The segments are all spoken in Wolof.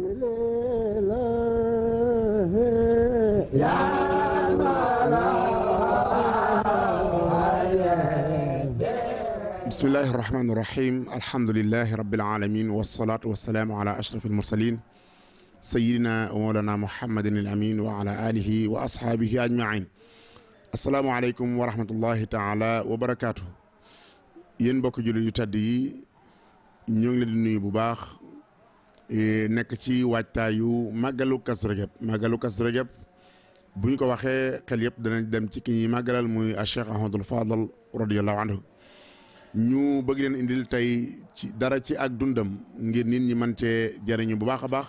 bismillahi irrahmani irrahim alhamdulilahi rabilalamin walsolatu walsalaamu ala ashraf almursalin sayidina wa moolana mohammadin al amin wa ala alihi wa ashaabihi ajmain asalaamu aleykum wa rahmatullahi taala wa barakaatu yéen mbokk jullit yu tedd yi ñoo ngi leen di nuyu bu baax Eh, nekk ci waajtaayu màggalu Kazu Rajab màggalu Kazu Rajab bu ñu ko waxee xel yëpp danañ dem ci ki ñuy màggalal muy Cheikh Ahmadul Fadal radiyallahu anhu ñu bëgg leen indil tey ci dara ci ak dundam ngir nit ñi man cee jëriñu bu baax a baax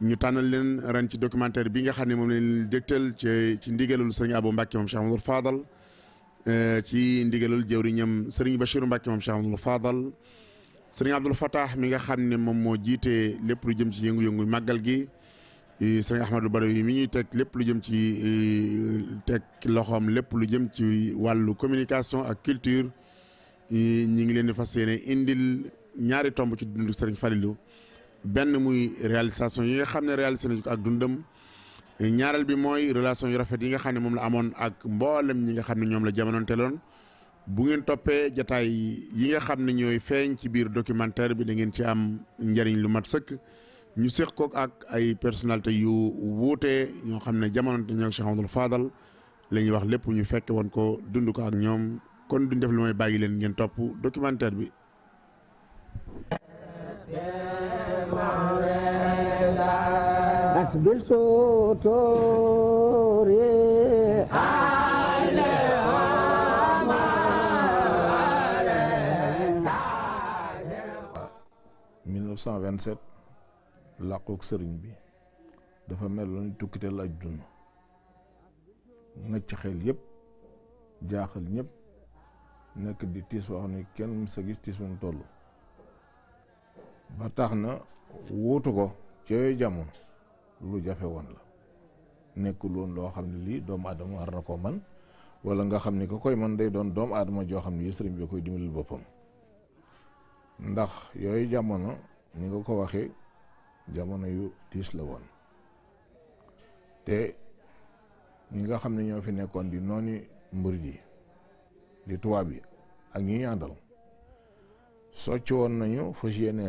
ñu tànnal leen ren ci documentaire bi nga xam ne moom leen dégtal ci ci ndigalul sëriñ abu Mbacke moom Cheikh Ahmadul eh, ci ndigalul jëwriñam sëriñ Bachirou Mbacke moom Cheikh Fadal sëriñ Abdoul Fattah mi nga xam ne moom moo jiitee lépp lu jëm ci yëngu-yëngu màggal gi sëriñ Ahmadou Badawi mi ñuy teg lépp lu jëm ci teg loxoom lépp lu jëm ci wàllu communication ak culture ñi ngi leen di fas yéene indil ñaari tomb ci dundu sëriñ Falilou benn muy réalisation yi nga xam ne réalisé nañu ko ak dundam ñaareel bi mooy relation yu rafet yi nga xam ne moom la amoon ak mboolem ñi nga xam ne ñoom la jamonoonteeloon bu ngeen toppee jataay yi nga xam ne ñooy feeñ ci biir documentaire bi da ngeen ci am njariñ lu mat sëkk ñu séq ko ak ay personnalité yu wuute ñoo xam ne jamono te ñoo Cheikh Amadou Fadal ñuy wax lépp ñu fekke woon ko dund ko ak ñoom kon duñ def lu may bàyyi leen ngeen topp documentaire bi 1927 làqoog sëriñ bi dafa mel ni tukkiteel ak dund ngëcc xel yëpp jaaxal ñépp nekk di tiis wax ni kenn mësa gis tiis mu toll ba tax na wuutu ko ci yooyu jamono lu jafe woon la nekkul woon loo xam ne lii doomu aadama war na koo man wala nga xam ni ko koy man day doon doomu adama joo xam ne yi sëriñ bi koy dimbalil boppam ndax yooyu jamono ni nga ko waxee jamono yu tiis la woon te ñi nga xam ne ñoo fi nekkoon di nooni mbër ji di tubaab yi ak ñi ñu àndal socc woon nañu fas yéene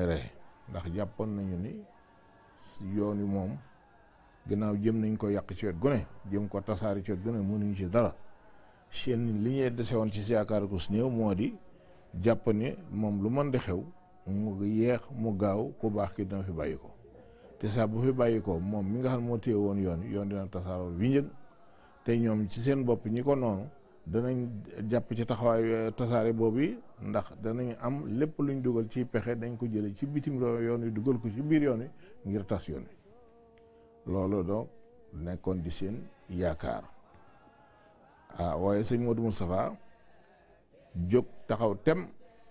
ndax jàppoon nañu ni yoon wi moom gannaaw jëm nañ ko yàq ci wet gu jëm ko tasaari ci wet gu mënuñ ci dara seen li ñuy dese woon ci si yaakaar ko su néew moo di jàpp ni moom lu mën di xew mu yeex mu gaaw ku baax ki dina fi bàyyi ko te saa bu fi bàyyi ko moom mi nga xam moo téye woon yoon yoon dina tasaaroo wi njëg te ñoom ci seen bopp ñi ko noonu danañ jàpp ci taxawaay euh, tasaare boobu ndax danañu am lépp luñ dugal ci pexe dañ ko jële ci bitim yoon wi dugal ko ci biir yoon wi ngir tas yoon wi loolu donc nekkoon di seen yaakaar ah waaye sëñ Modou Moustapha jóg taxaw tem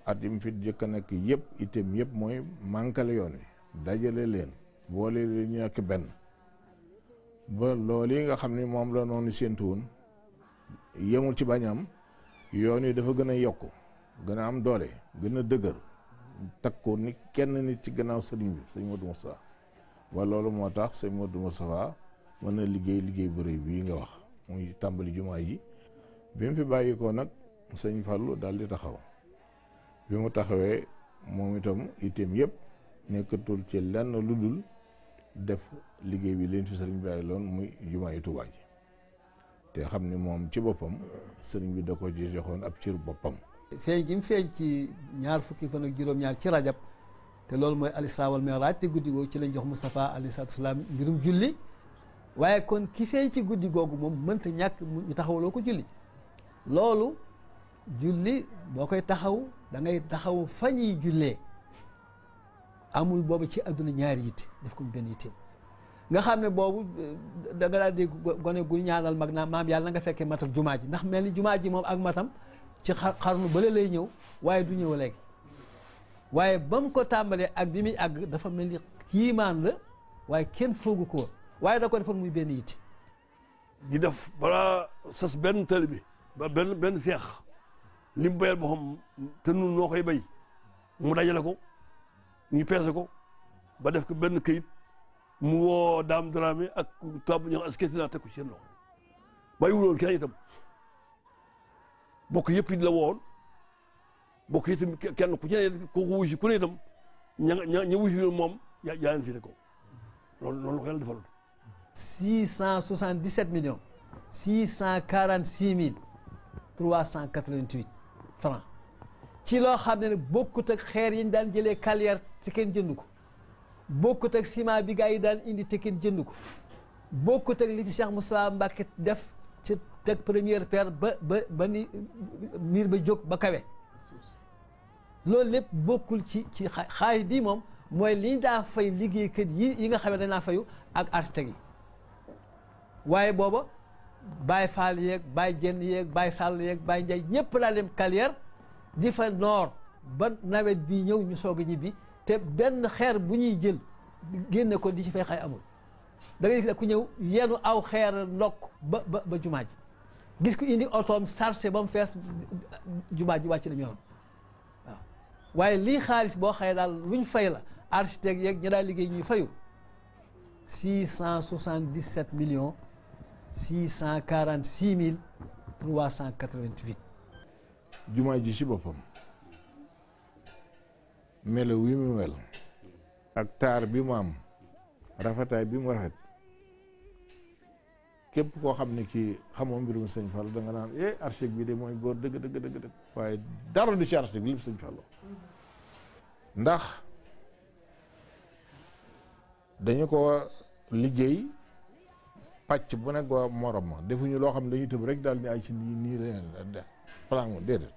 at yim fi jëkk a nekk yëpp itam yëpp mooy mànkale yoon wi dajale leen boole leen ñu nekk benn ba loolu yi nga xam ni moom la noonu séentu woon yemul ci bañ yoon wi dafa gën a yokk gën a am doole gën a dëgër takku ni kenn nit ci gannaaw sëriñ bi sëñ Modou Moustapha wa loolu moo tax sëñ Modou Moustapha mën na liggéey liggéey bu rëy bii nga wax muy tàmbali jumaa yi bi mu fi bàyyi nag sëñ Fallou daal di taxaw bi mu taxawee moom itam itam yëpp nekkatul ci lenn lu dul def liggéey bi leen fi sëriñ bi loon muy jumaa yi Tuubaa ji te xam ni moom ci boppam sëriñ bi da ko ci joxoon ab cir boppam feeñ gi mu feeñ ci ñaar fukki fan ak juróom-ñaar ci rajab te loolu mooy alisra wal miraaj te guddi googu ci lañ jox Moustapha alayhi salaatu salaam mbirum julli waaye kon ki feeñ ci guddi googu moom mënta ñàkk ñu taxawaloo ko julli loolu julli boo koy taxaw dangay taxaw fa yi jullee amul boobu ci àdduna ñaari yitte def ko mu benn yitteem nga xam ne boobu eh, da nga daal di gone gu ñaanal mag naa maam yàlla nga fekkee matal jumaa ji ndax mel ni jumaa ji moom ak matam ci xarnu bële lay ñëw waaye du ñëw léegi waaye ba mu ko tàmbalee ak bi muy àgg dafa mel ni kiimaan la waaye kenn foogu ko waaye da ko defoon muy benn yitte. ñu def balaa sos benn tëli bi ba benn benn seex. li mu bayal boppam te nun noo koy bay mu dajale ko ñu peese ko ba def ko benn kayit mu woo daam Dramé ak tubaab bu ñuy wax askan naa teg ko ci seen loxo bàyyi wuloon kenn itam bokk yëpp la woon bokk itam kenn ku ci ne kooku wuyu ku ne itam ña ña ña wuyu si moom yaa yaa leen fi ko loolu loolu la ko yàlla defaloon. franc ci loo xam ne nag bokkut ak xeer yi ñu daan jëlee carrière te kenn jënd ko bokkut ak ciment bi gaa yi daan indi te kenn jënd ko bokkut ak li fi Cheikh Moussa Mbacke def ci teg première pierre ba ba ba ni miir ba jóg ba kawe loolu lépp bokkul ci ci xaay bi moom mooy liñ daa fay liggéeykat yi yi nga xam danaa dañ ak architecte yi waaye booba baay Fall yeeg baay Jenn yeeg baay sàll yeeg baay Ndiaye ñëpp laa dem carrière di fa noor ba nawet bi ñëw ñu soog a ñibbi te benn xeer bu ñuy jël génne ko di ci fay xay amul da ngay gis ku ñëw yenu aw xeer ndokk ba ba ba jumaa ji gis ku indi otoom sarse ba mu fees jumaa ji wàcc dem yoonam waaye lii xaalis boo xëyee daal luñ fay la architecte yeeg ñi daal liggéey ñuy fayu 677 million six cent quarante six mille cent quatre vingt ji ci boppam melo wi mu mel ak taar bi mu am rafetaay bi mu rafet képp koo xam ne kii xamoo mbirum sëñ Fall da nga naa eh archive bi de mooy góor dëgg dëgg dëgg dëgg waaye dara di ci archive lépp sëñ Fall ndax dañu ko liggéey. pàcc bu nekk morom defuñu loo xam ne dañuy tëb rek daal di ay ci nii nii de plan déedéet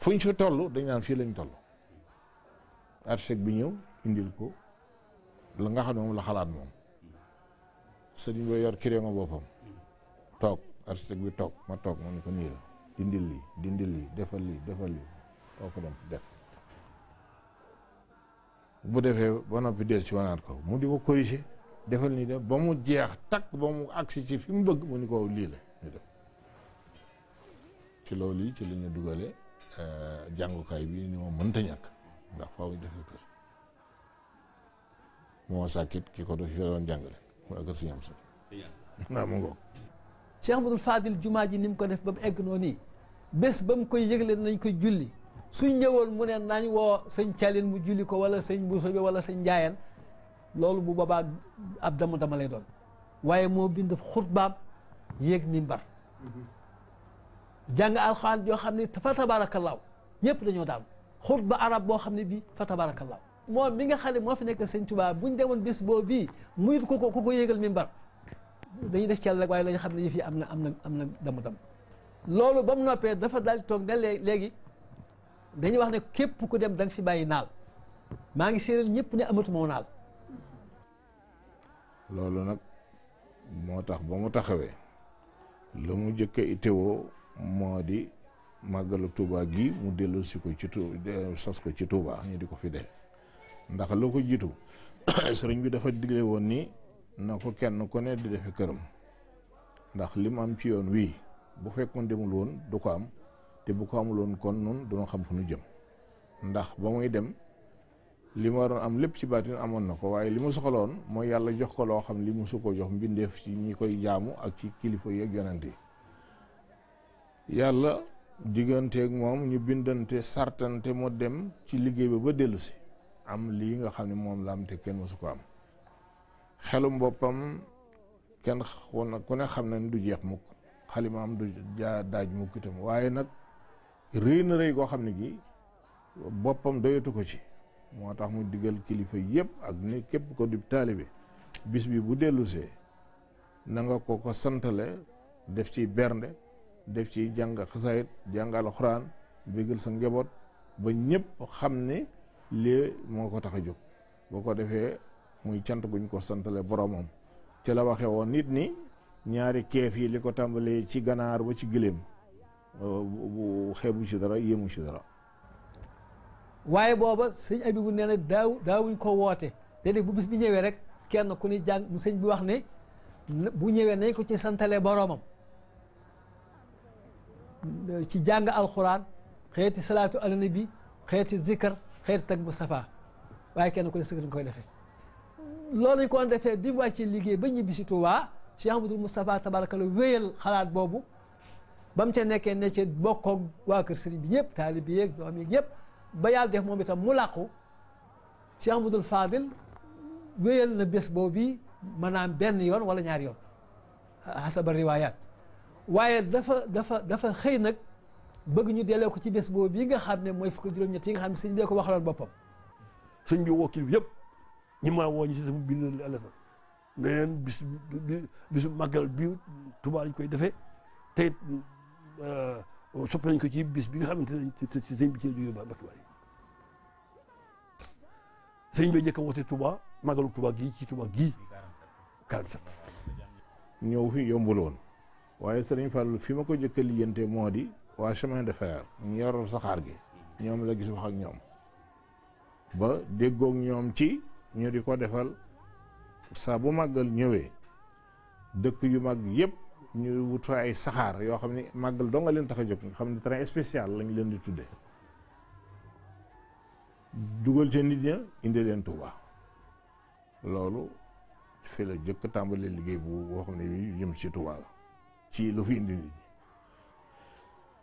fuñ si toll dañ naan fii lañ toll architecte bi ñëw indil ko nga xam ne moom la xalaat moom sëriñ boo yor kiré nga boppam toog architecte bi toog ma toog ma ne ko nii la dindil lii dindil lii defal lii defal lii koo ko bu defee ba noppi del si wanaat ko mu di ko corriger defal ni def ba mu jeex takk ba mu agsi ci fi mu bëgg mu ni ko lii la ñu def ci loolu yi ci la ñu dugale euh, jàngukaay bi ni moom mënta ñàkk moo sàkkit ki ko doon fi doon jàngale waa kër si ñam sax naa mu ngoog Cheikh Abdoul Fadil jumaa ji ni mu ko def ba mu egg noonu bés ba mu koy yëgle nañ ko julli suñ ñëwoon mu ne nañ woo sëñ Calin mu julli ko wala sëñ Bousso bi wala sëñ Ndiayane loolu bu boobaat ab damu dama lay doon waaye moo bind xutbaam yéeg mimbar jàng alxuraan yoo xam ne fa tabaarakallaahu ñëpp dañoo daam xutba arab boo xam ne bii fa tabaarakallaahu moom bi nga xam ne moo fi nekk sëñ bu ñu demoon bis boo bii muy ku ko ku ko yéegal mimbar dañuy def ci yàlla waaye lañu xam ne yëf yi am na am na am na damu dam loolu ba mu noppee dafa daal toog ne léegi dañuy wax ne képp ku dem da nga fi bàyyi naal maa ngi séeréel ñëpp ne amatuma naal loolu nag moo tax ba mu taxawee la mu jëkk a itewoo moo di màggalu Touba gi mu dellu ko ci tu ko ci Touba ñu di ko fi def ndax loo ko jiitu sëriñ bi dafa digle woon nii na ko kenn ku ne di defe këram ndax li mu am ci yoon wii bu fekkoon demul woon du ko am te bu ko amul woon kon nun duna xam fu nu jëm ndax ba muy dem li ma waroon am lépp ci baatin amoon na ko waaye li ma soxaloon mooy yàlla jox ko loo xam li mu su ko jox mbindeef ci ñi koy jaamu ak ci kilifa yi ak yonent yi yàlla digganteek moom ñu bindante sartante moo dem ci liggéey ba ba dellu si am lii nga xam ne moom la am te kenn mësu ko am xelum boppam kenn ku ne xam na du jeex mukk xalima am du jaa daaj mukk itam waaye nag rëy na rëy koo xam ne gi boppam doyatu ko ci moo tax mu digal kilifa yëpp ak ni képp ko di taalibe bis bi bu dellusee nanga ko ko santale def ci bernde def ci jàng xasaayit jàng alxuraan bégal sa njaboot ba ñëpp xam ne lii moo ko tax a jóg boo ko defee muy cant guñ ko santale boromam ci la waxe woon nit ni ñaari keef yi li ko tàmbalee ci ganaar ba ci gëléem uh, bu xeebu ci dara yéemu ci dara waaye booba sëñ Abibu nee na daaw daawuñ ko woote déedéet bu bis bi ñëwee rek kenn ku ni jàng sëñ bi wax ne bu ñëwee nañ ko ci santale boroomam ci jàng alxuraan xeeti salaatu ala nabi xeeti zikkar xeeti tag bu safaa waaye kenn ku ne sëkk dañ koy defee loolu ñu ko defee bi mu wàccee liggéey ba ñibbi si Tuubaa Cheikh Amadou Moustapha tabarakalla wéyal xalaat boobu ba mu ca nekkee ne ca bokkook waa kër sëriñ bi ñëpp taalib bi yeeg doom yi ñëpp ba yàlla def moom tam mu làqu Cheikh Ahmadul Fadil wéyal na bés boobu bi maanaam benn yoon wala ñaari yoon hasaba riwaayaat waaye dafa dafa dafa xëy nag bëgg ñu delee ko ci bés boobu bii nga xam ne mooy fukk juróom-ñett yi nga xam ne sëñ bi ko waxaloon boppam. sëñ bi woo kilifa yëpp ñi maa woo ñu si sama bind li àll fa ne leen bis bisu màggal bi Tuubaa lañ koy defee te soppi nañ ko ci biis bi nga xamante ne sëñ bi ci jógee ba Mbacke Bari sëñ bi njëkk a woote Touba magalu tubaa gii ci tubaa gii 47. ñëw fi yombul waaye Serigne Fall fi ma ko njëkk a lijjante moo di waa chemin de fer ñu yoroon saxaar gi ñoom la gis wax ak ñoom ba déggoog ñoom ci ñu di ko defal saa bu màggal ñëwee dëkk yu mag yépp ñu wut fa ay saxaar yoo xam ne màggal doo nga leen tax a jóg nga xam ne train spécial lañ leen di tuddee dugal ca nit ña indi leen Touba loolu fi la jëkk tàmbalee liggéey bu boo xam ne bii jëm ci Touba la ci lu fi indi nit ñi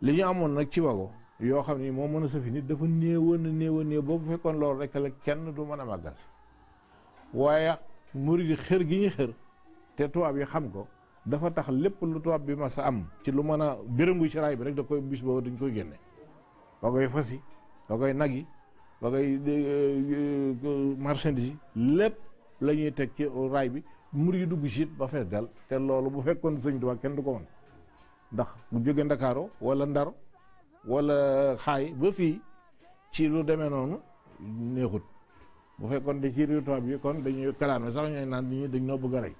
li ñu amoon nag ci wago yoo xam ne moo mën a safi nit dafa néewoon a néew a néew boobu fekkoon loolu rek la kenn du mën a màggal waaye murid xër gi ñu xër te tubaab yi xam ko dafa tax lépp lu tubaab bi ma sa am ci lu mën a bërëngu ci raay bi rek da koy bis boobu dañ koy génne wagoy fas yi koy nag yi wagoy euh, euh, marchandise yi lépp la ñuy teg ci raay bi mur yi dugg ci ba fees dal te loolu bu fekkoon sëñ Tuubaa kenn du ko mën ndax bu jóge Ndakaaro wala Ndar wala xaay ba fii ci lu demee noonu neexut bu fekkoon da ci réew tubaab yi kon dañuy kalaame sax ñooy naan nit ñi dañ noo bëgg a rey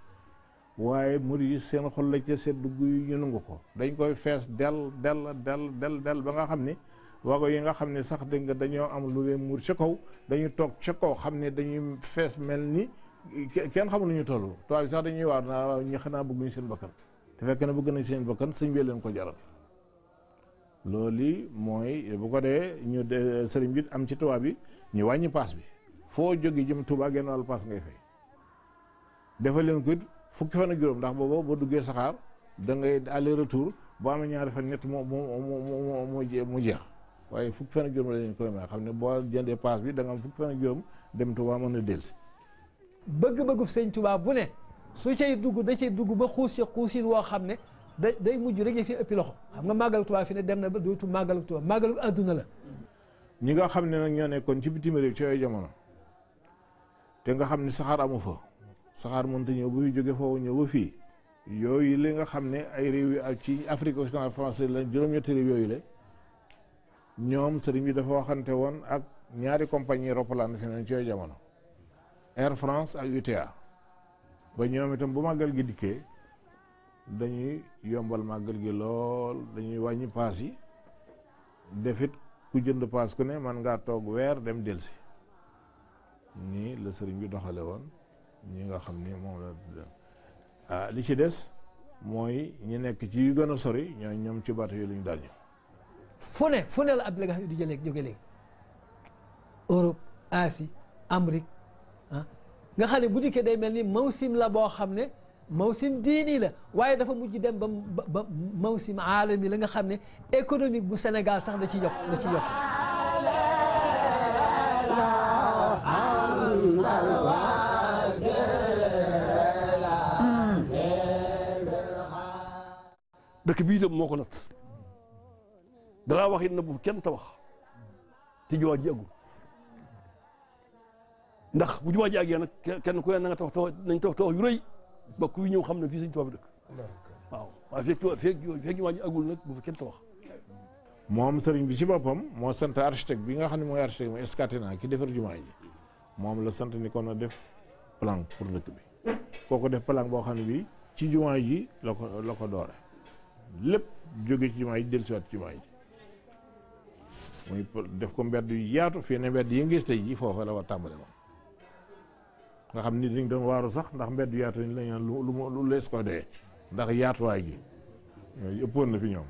waaye murid yi seen xol la ca sedd guy ñu nangu ko dañ koy fees del del del del del ba nga xam ni wago yi nga xam ne sax dégg nga dañoo am lu wee muur ca kaw dañu toog ca kaw xam ne dañuy fees mel ni kenn xamul ñu toll tubaab bi sax dañuy waar naa waaw ñi xanaa bëgguñu seen bakkan te fekk na bëgg nañ seen bakkan sëñ bi leen ko jaral loolu mooy bu ko dee ñu sëriñ bi am ci tubaab bi ñu wàññi paas bi foo jóge jëm Tuubaa genn wàllu paas ngay fay defal leen fukki fan juróom ndax booba boo duggee saxaar da ngay aller retour boo amee ñaari fan ñett moo moo moo moo jeex waaye fukki fan ak juróom la leen koy may xam ne boo jëndee paas bi da nga am fukki fan ak juróom dem Tuubaa mën a bëgg-bëggub sëñ Tuubaa bu ne su cay dugg da cay dugg ba xuus si xuusin woo xam ne da day mujj rek fi loxo xam nga màggal Tuubaa fi ne dem na ba dootu màggal Tuubaa màggal adduna la ñi nga xam ne nag ñoo nekkoon ci bi réew ci ay jamono te nga xam ne saxaar amu fa saxaar mënta ñëw ba fi jóge foofu ñëw ba fii yooyu li nga xam ne ay réew yi ak ci Afrique occidentale française la juróom-ñetti réew yooyu le ñoom sëriñ bi dafa waxante woon ak ñaari compagnie roppalaan fi nañ ci jamono Air France ak UTA ba ñoom itam bu màggal gi dikkee dañuy yombal màggal gi lool dañuy wàññi paas yi defit ku jënd paas ku ne man ngaa toog weer dem delsi nii la sëriñ bi doxale woon ñi nga xam ni moom la ah, li ci des mooy ñi nekk ci yu gën a sori ñoo ñoom ci bato yi la ñu daal ñëw fu ne fu ne la ab délégation di jëlee jóge léegi Europe Asie Amérique ah. nga xam ne bu dikkee day mel ni mawsim la boo xam ne mawsim diini la waaye dafa mujj dem ba ba mawsim aalami la nga xam ne économique bu Sénégal sax da ci yokk da ci yokk dëkk bii itam moo ko nat dalaa wax it na bu kenn tabax te jumaa ji agul ndax bu jumaa ji àggee nag kenn ku ne na nga tabax tabax nañ tabax tabax yu rëy ba kuy ñëw xam ne fii sëñ Tuubaa bi dëkk waaw waaye feeg feeg feeg jumaa ji agul nag bu fi kenn tabax moom sëriñ bi ci boppam moo sant architecte bi nga xam ne mooy architecte mooy Escatina ki defar jumaa ji moom la sant ni kon na def plan pour dëkk bi ko def plan boo xam ne bi ci jumaa ji la ko ko doore lépp jóge ci jumaa ji dellusiwaat ci jumaa def ko mbedd yu yaatu fii ne mbedd yi ngis tey ji foofa la war tàmbale woon nga xam ni dañ doon waaru sax ndax mbedd yu lañ naan lu ndax yaatuwaay gi ëppoon na fi ñoom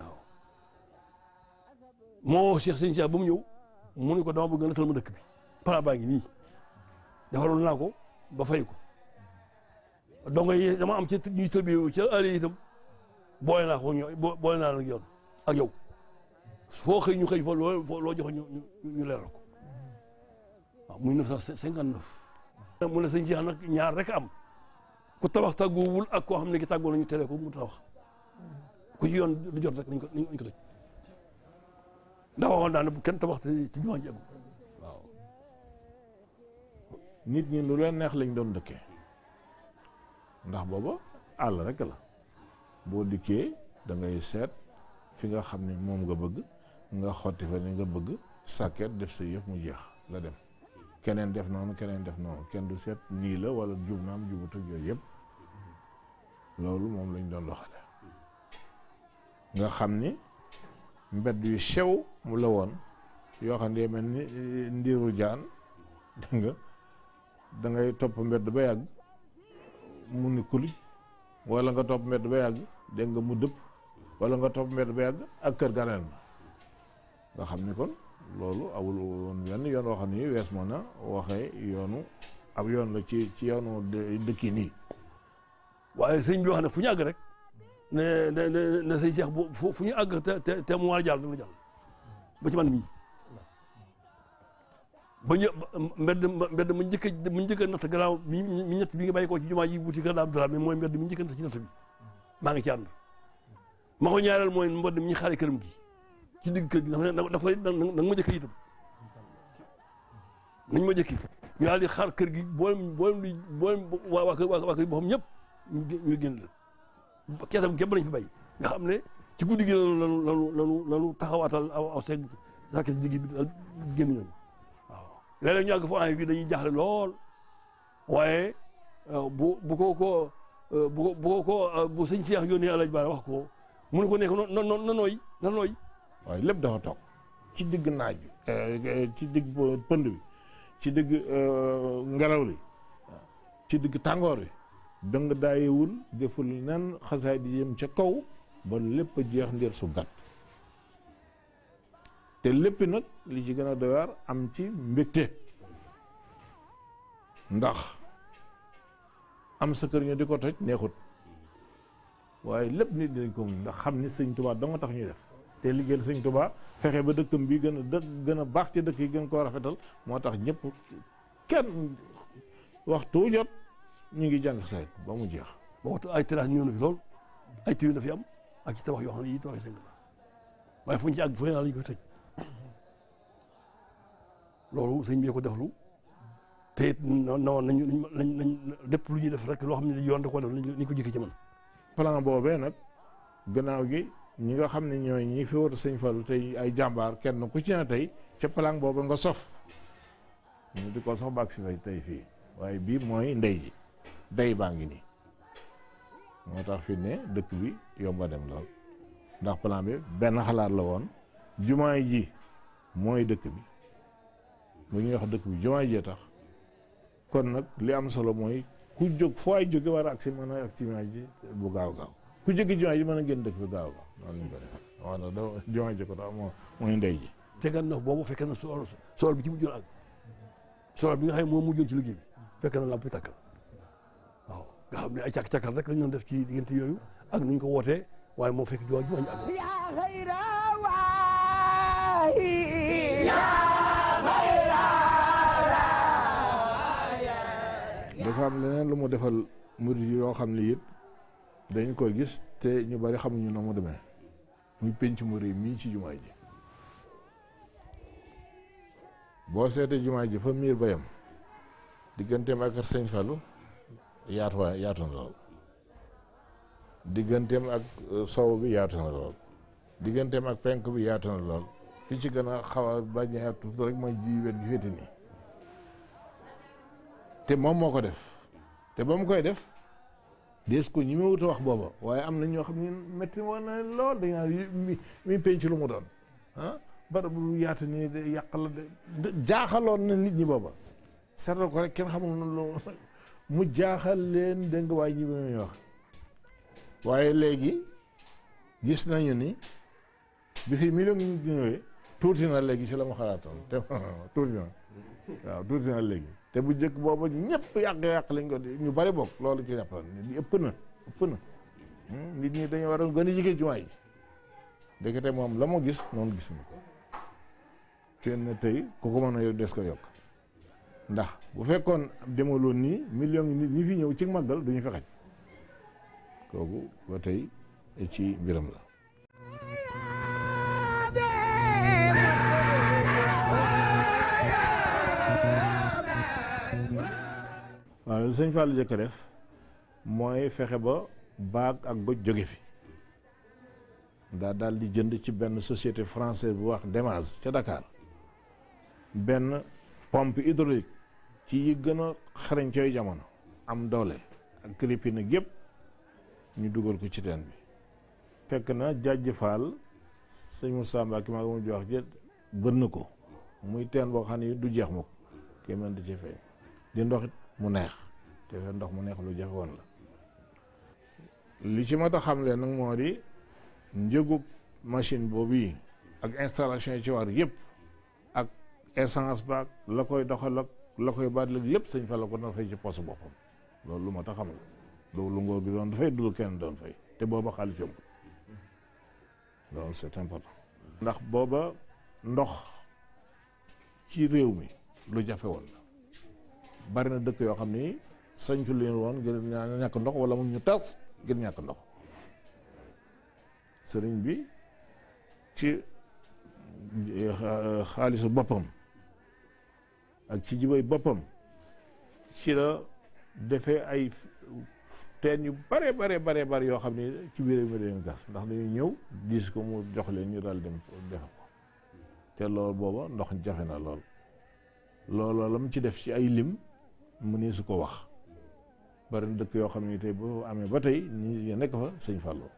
waaw moo Cheikh Sëñ Cheikh ne ko dama ma dëkk bi pala baa ngi nii defaroon naa ko ba fay ko donc dama am ci ñuy tëbbi ci àll yi itam boole naa ko ñoom boole naa yoon ak yow foo xëy ñu xëy fa loo loo joxe ñu ñu leeral ko waaw muy 1959. mu ne sëñ Cheikh nag ñaar rek am ku tabax tàggoowul ak koo xam ne ki tàggoo nañu tere ko mu tabax ku ci yoon du jot rek nañ ko nañ ko toj ndax naa ne bu kenn tabax te jumaa ji agul waaw. nit ñi lu leen neex lañ doon dëkke ndax booba àll rek la. boo dikkee dangay seet fi nga xam ne moom nga bëgg nga xotti fa ni nga bëgg sàkket def sa yëf mu jeex nga dem keneen def noonu keneen def noonu kenn du seet nii la wala jub naam jubutu yooyu yëpp loolu moom lañ doon doxale nga xam ni mbedd yu sew mu la woon yoo xam ne mel ni eh, ndiiru jaan dégg nga da ngay topp mbedd ba yàgg mu ni kulic wala nga topp mbedd ba yàgg dégg nga mu dëpp walla nga topp mbedd ba yàgg ak kër ganeen nga xam ni kon loolu awul woon wenn yoon woo xam ni wees moo na waxee yoonu ab yoon la ci ci yoonu dëkki nii waaye sëñ bi wax ne fu ñu àgg rek ne ne ne sëñ Cheikh bu fu ñu àgg te te mu war a jàll dama jàll ba ci man mii ba ñu mbedd mbedd mu njëkk a natt gannaaw mi ñett bi nga bàyyi koo ci jumaa ji wuti gannaaw dara mais mooy mbedd mu njëkk a natt ci natt bi maa ngi ci ànd ma ko ñaareel mooy mbodd mi ñu xaaree këram gi ci digg kër gi dafa ne dafa nag ma jëkk itam nañ ma jëkki ñu daal di kër gi boolem boolem di boolem waa kër waa kër boo ñëpp ñu génn la keesam képp lañ fi bay nga xam ne ci guddi gi lanu lanu lanu lanu taxawaatal aw aw seeg sake ci digg bi génn ñoom waaw ñu àgg foo xam ne fii dañuy jaaxle lool waaye euh, bu bu ko ko Euh, bu ko si euh, bu sëñ Cheikh yónnee Alaaji Baara wax ko mu ne ko nekk na na na nooy na nooy. waaye lépp dafa toog ci digg naaj bi. Euh, ci digg pënd bi ci digg ngelaw li ci digg tàngoor bi. danga daayewul deful nan xasaay di yem ca kaw ba lépp a jeex ndir su gàtt te lépp nag li ci gën a doy am ci mbégte ndax. am sa kër ñu di ko toj neexut waaye lépp nit dañ ko ndax xam ni sëñ tubaa dong tax ñuy def te liggéeyal sëñ tubaa fexe ba dëkkam bi gën a dëkk gën a baax ci dëkk yi gën koo rafetal moo tax ñëpp kenn waxtu jot ñu ngi jàng sayt ba mu jeex ba waxtu ay terrasse ñëw na fi lool ay tiwi na fi am ak ci tabax yoo xam ne yi tabax sëñ tubaa waaye fu ñu ci àgg fu ne la koy tëj loolu sëñ bi ko lu te it non nañu nañ nañ lépp lu ñuy def rek loo xam ne yoon da ko def nañ ko jikki ci man plan boobee nag gannaaw gi ñi nga xam ne ñooy ñi fi war sëñ falu tey ay jàmbaar kenn ku ci na tey ca plan booba nga sof ñu di ko sof baag si tey fii waaye bii mooy ndey ji day baa ngi nii moo tax fi ne dëkk bi yomba dem lool ndax plan bi benn xalaat la woon jumaa ji mooy dëkk bi bu ñuy wax dëkk bi jumaa jee tax kon nag li am solo mooy ku jóg foo ay jóge war a agsi mën a agsi jumaa ji bu gaaw gaaw ku jóge jumaa ji mën a génn dëkk bi gaaw gaaw noonu lañ ko def waaw da jumaa ji ko daal moo mooy ndey ji cinquante neuf boobu fekkee na sool sool bi ci mujjoon ak sool bi nga xam ne moom mujjoon ci liggéey bi fekk na làmp yi tàkkal waaw nga xam ne ay càkk rek lañ doon def ci diggante yooyu ak nuñ ko wootee waaye moo fekk jumaa jumaa ji àgg dafa leneen lu mu defal yi yoo xam ne yit dañ koy gis te ñu bari xamuñu na mu deme muy penc mur yi mii ci jumaa ji boo seetee jumaa ji fa miir bayam digganteem ak sëñ Fallou yaatu waa yaatu na lool digganteem ak euh, sow bi yaatu na lool digganteem ak penk bi yaatu na lool fi ci gën a xaw a bañ rek mooy ji wet gi féete nii te moom moo ko def te ba mu koy def des ko ñi ma wut a wax booba waaye am na ñoo xam ne métti woon na lool dañ naan mi penc lu mu doon ah bara bu yaata nii de yàq la de jaaxaloon na nit ñi booba seetal ko rek kenn xamul na loolu mu jaaxal leen dégg nga waaye ñi ma ñuy wax waaye léegi gis nañu ni bi fi million ñëwee tuuti na léegi si la mu xalaatoon te tuuti na waaw tuuti na léegi te bu njëkk boobu ñëpp yàq-yàq lañ ko ñu bari bokk loolu ci jàppoon ñu ëpp na hmm, nit ñi dañu waroon gën a jege jumaa ji ndekete moom la mu gis noonu gisuñu ko kenn tey ku ko mën a yow des ko yokk ndax bu fekkoon demaloon nii million yi nit ñi fi ñëw ci maggal duñu fexej kooku ba tey ci mbiram la maanaam sëñ Fallou jëkk def mooy fexe ba baag ak goj jóge fi daa daal di jënd ci benn société française bu wax demaas ca dakaar benn pompe hydraulique ci yi gën a xarañ cooy jamono am doole ak crépine gépp ñu dugal ko ci teen bi fekk na jàjj faal sëñ Moussa Mbacke maa ngi jox jë bënn ko muy teen boo xam ne du jeex mukk kii mën ci feeñ di ndoxit mu neex te ndox mu neex lu jafe woon la li ci mata xam xamle nag moo di njëgu machine boobu yi ak installation yi ci war yëpp ak essence ba ak la koy doxal ak la koy baat lépp sëñ fa la ko doon fay ci poste boppam loolu lu mat a xam la loolu ngóor gi doon fay dul kenn doon fay te booba xaalis yombul loolu c'est important ndax booba ndox ci réew mi lu jafe woon la bari na dëkk yoo xam ni sañcu leen woon ñaa ñàkk ndox wala mu ñu tas ngir ñàkk ndox sëriñ bi ci eh, xaalisu boppam ak ci jibay boppam ci la defee ay teen yu bare bare bare bare yoo xam ne ci biir mi leen gas ndax dañuy ñëw gis ko mu jox leen ñu dal dem def ko te lool booba ndox jafe na lool lool looloo lam ci def ci ay lim mu ne su ko wax bari dëkk yoo xam ne tey boo amee ba tey ñi nekk fa sëñ Fallou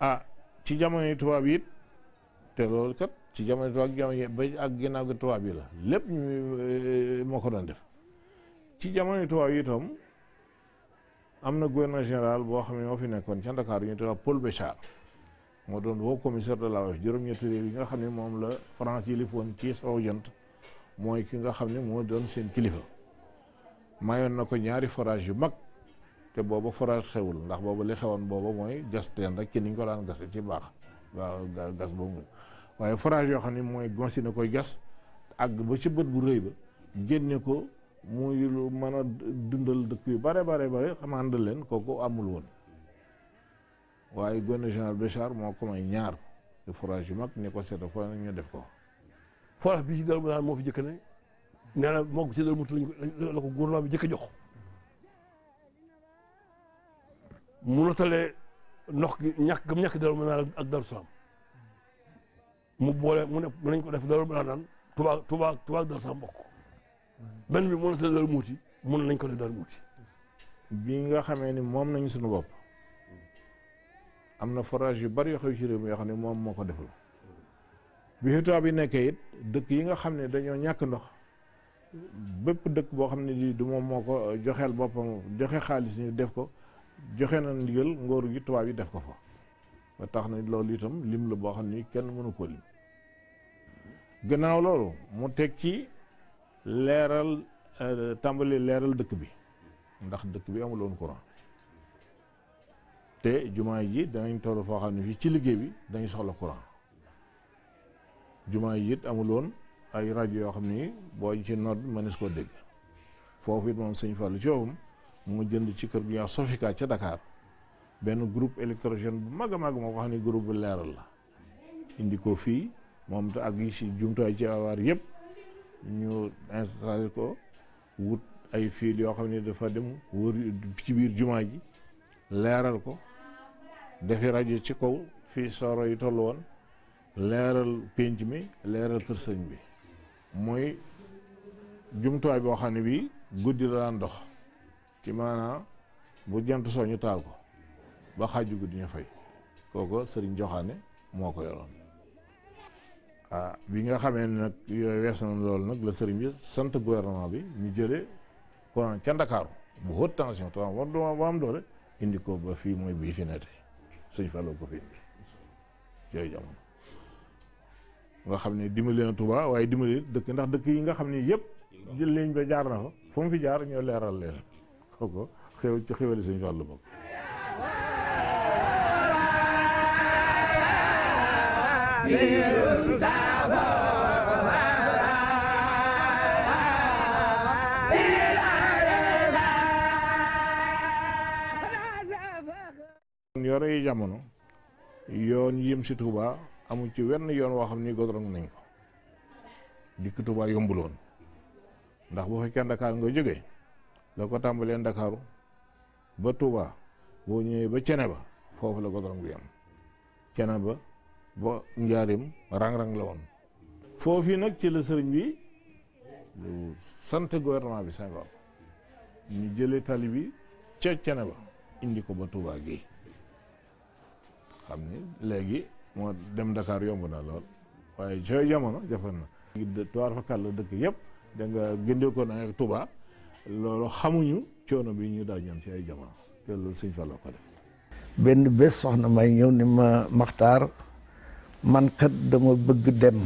ah ci jamono tubaab yi te loolu kat ci jamono tubaab jamono ba ak ginnaaw gi yi la lépp ñu eh, moo ko doon def ci jamono tubaab yi itam am na gouverneur général boo xam ne moo fi nekkoon ca Ndakaaru ñu tubaab Paul Béchard moo doon woo commissaire de la OIF juróom yi nga xam ne moom la France yi lifoon ci soow jant mooy ki nga xam ne moo doon seen kilifa. mayoon na ko ñaari forage yu mag te booba forage xewul ndax booba li xewoon booba mooy gas teen rek ci niñ ko daan gase ci baax waaw gas boobu waaye forage yoo xam ne mooy machine na koy gas àgg ba ci bët bu rëy ba génne ko muy lu mën a dundal dëkk yu bare bare bare xamandal leen kooku amul woon waaye gone général Béchar moo ko may ñaar forage yu mag ni ko seeta fo ñu def ko forage bi ci dal moo fi jëkk ne nee na moog ci dara mut lañ la ko gouvernement bi jëkk a jox mu notalee ndox gi ñàkk gam ñàkk daru mën naa ak daru salaam mu boole mu ne mu nañ ko def daru balaa naan tubaab tubaab tubaab daru salaam bokk benn bi mu notalee daru muuti mun nañ ko def daru muuti bi nga xamee ni moom nañ suñu bopp am na forage yu bari yoo xew ci réew mi yoo xam ne moom moo ko deful bi tubaab yi nekkee it dëkk yi nga xam ne dañoo ñàkk ndox bépp dëkk boo xam ne di du moom moo ko euh, joxeel boppam joxe xaalis ñu def ko joxe na ndigal ngoor gi tubaab yi def ko fa ba tax na loolu itam lim la boo xam ni kenn mënu ko lim gannaaw loolu mu teg ci leeral euh, tàmbali leeral dëkk bi ndax dëkk bi amul woon courant te jumaa ji danañ toll foo xam ne fii ci liggéey bi dañu soxla courant jumaa ji it amul ay rajo yoo xam ni boo ci nodd mënees koo dégg foofu it moom sëñ Fallou Thiawam mu jënd ci kër gu ñuy wax Sofika ca Dakar benn group électrogène bu mag a mag moo ko xam ne groupe bu leeral la indi ko fii moom te ak yi si jumtuwaay ci awaar yëpp ñu installé ko wut ay fiil yoo xam ne dafa dem wër ci biir jumaa ji leeral ko defi rajo ci kaw fii soro yi toll woon leeral pénc mi leeral kër sëñ bi mooy jumtuwaay boo xam ne bii guddi la daan dox ci maanaa bu jant soo ñu taal ko ba xaaju guddi ñu fay kooku sëriñ joxaane moo ko yoroon ah bi nga xamee ne nag yooyu wees na loolu nag la sëriñ bi sant gouvernement bi ñu jële courant ca Ndakaaru bu haute tension te war du am doole indi ko ba fii mooy bii fi ne tey suñ faloo ko fi yooyu jamono nga xam ne dimbali na Touba waaye dimbali dëkk ndax dëkk yi nga xam ne yëpp jël liñ ba jaar na fa fu mu fi jaar ñoo leeral leen kooku xew ci xewali Sëñ Fallu bokk yore yi jamono yoon yim si Touba amul ci wenn yoon woo xam ni godrong nañ ko dikk Tuubaa yombul ndax bu fekkee Ndakaar nga jóge la ko tàmbalee Ndakaaru ba Tuubaa boo ñëwee ba cene ba foofu la godrong bi am cene ba ba njaarim rang-rang la woon foofu nag ci la sëriñ bi sant gouvernement bi Senghor ñu jële tali bi ca cene ba indi ko ba Tuubaa gi xam ni léegi moo dem Dakar yomb na lool waaye ci jamono jafe na. tuwaar fa kàll dëkk yëpp da nga gindee ko na loolu xamuñu coono bi ñu daa ñoom ci ay jamono te loolu sëñ fa la def. benn bés soxna may ñëw ni ma maxtaar man kat dama bëgg dem.